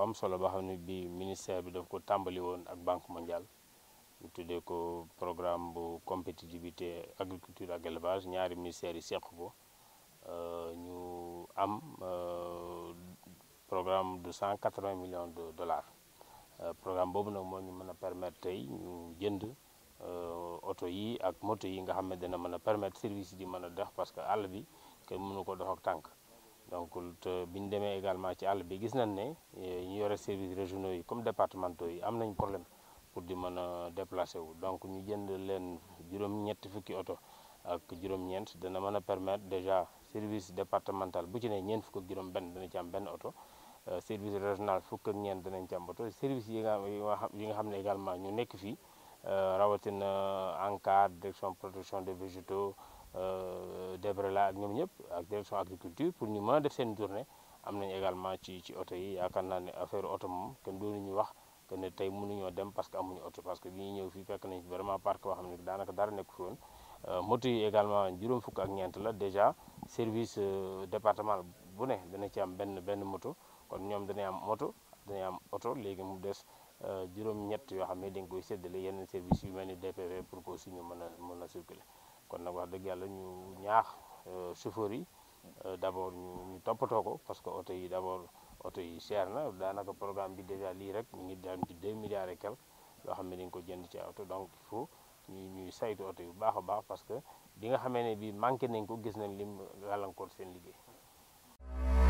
am solo boo xam ne bii ministère bi daf ko tàmbali woon ak banque mondiale ñu tuddee ko programme bu compétitivité agriculture ak élevage ñaari ministères yi seq ko euh, ñu am euh, programme de cent quatre-vingts millions de dollars euh, programme boobu nag moo ñu mën a permettre tey ñu jënd oto yi ak moto yi nga xam ne dana mën a permettre service di mën a dox parce que àll bi kenn mënu ko dox ak tànk donc te bi ñu demee également ci àll bi gis nañ ne eh, ñu yore service régionaux yi comme départementaux yi am nañ problème pour di mën a déplacer wu donc ñu jënd leen juróom-ñetti fukki oto ak juróom-ñeent dana mën a permettre déjà service départemental bu ci ne ñeent fukk ak juróom-benn dana na am benn oto euh, service régional fukk ak ñeent danañ ci am oto service yi nga yi nga xam ne également ñu nekk fii euh, rawatina ANCAR direction protection des végétaux. Euh, Debre laa ak ñoom ñëpp ak direction agriculture pour ñu mën a def seen journée am nañ également ci ci oto yi yaakaar naa ne affaire oto moom kenn doonu ñu wax que ne tey mënuñoo dem parce que amuñu oto parce que bi ñuy ñëw fii fekk nañ vraiment parc boo xam ne daanaka dara nekk fi woon euh, moto yi également juróom fukk ak ñeent la déjà service euh, départemental bu ne dana ci am benn benn moto kon ñoom danay am moto danay am oto léegi mu des juróom-ñett yoo xam ne dañ koy séddale yeneen service yu mel ni DPV pour que aussi ñu mën a mën a kon nag wax dëgg yàlla ñu ñaax euh, chauffeurs yi euh, d' abord ñu ñu toppatoo ko parce que oto yi d' abord oto yi seer na daanaka programme bi dèjà lii rek ñu ngi daan ci 2 milliards et quelque yoo xam ne dañ ko jënd ci oto donc il faut ñu ñuy saytu oto yu baax a baax parce que bi nga xamee ne bi manqué nañ ko gis nañ lim gàllankoor seen liggéey